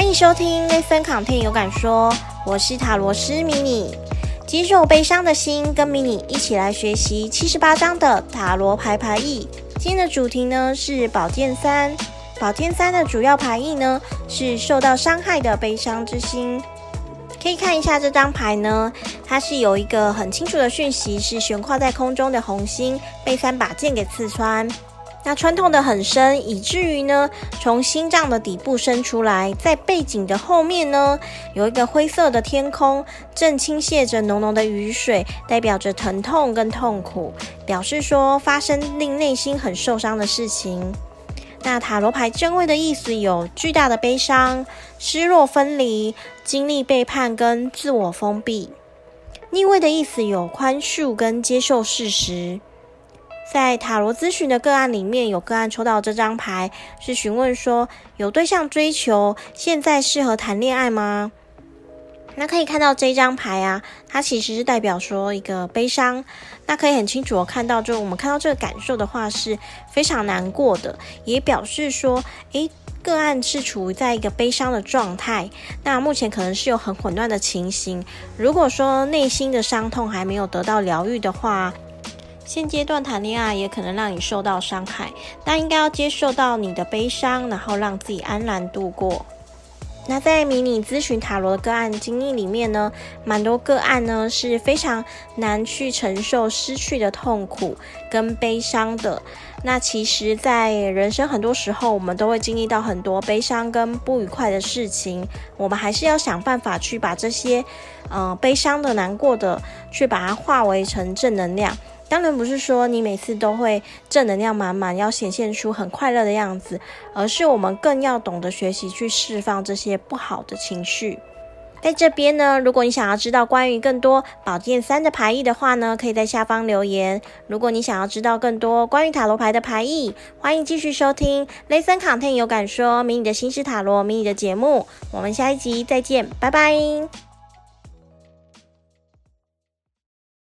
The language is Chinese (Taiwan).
歡迎收聽《ListenContent 有感說》，我是塔羅師迷你接受悲傷的心，跟迷你一起來學習七十八張的塔羅牌牌意。今天的主題呢是寶劍三，寶劍三的主要牌意呢是受到傷害的悲傷之心。可以看一下這張牌呢，它是有一個很清楚的訊息，是懸掛在空中的紅心被三把劍給刺穿。那穿透得很深，以至於呢，從心臟的底部伸出來，在背景的後面呢，有一個灰色的天空，正傾瀉着濃濃的雨水，代表着疼痛跟痛苦，表示說發生令內心很受傷的事情。那塔羅牌正位的意思有巨大的悲傷、失落、分離、經歷背叛跟自我封閉；逆位的意思有寬恕跟接受事實。在塔羅諮詢的個案裡面，有個案抽到這張牌，是詢問說有對象追求，現在適合談戀愛嗎？那可以看到這張牌啊，它其實是代表說一個悲傷。那可以很清楚的看到，就我們看到這個感受的話，是非常難過的，也表示說，誒、欸，個案是處於在一個悲傷的狀態。那目前可能是有很混亂的情形。如果說內心的傷痛還沒有得到療癒的話。現階段談戀愛、啊、也可能讓你受到傷害，但應該要接受到你的悲傷，然後讓自己安然度過。那在迷你諮詢塔羅的個案經歷裡面呢，蠻多個案呢是非常難去承受失去的痛苦跟悲傷的。那其實，在人生很多時候，我們都會經歷到很多悲傷跟不愉快的事情，我們還是要想辦法去把這些，嗯、呃，悲傷的、難過的，去把它化為成正能量。當然不是說你每次都會正能量滿滿，要顯現出很快樂的樣子，而是我們更要懂得學習去釋放這些不好的情緒。在這邊呢，如果你想要知道關於更多寶劍三的牌意的話呢，可以在下方留言。如果你想要知道更多關於塔羅牌的牌意，歡迎繼續收聽 ListenContent 有感說迷你的心思塔羅迷你的節目。我們下一集再見，拜拜。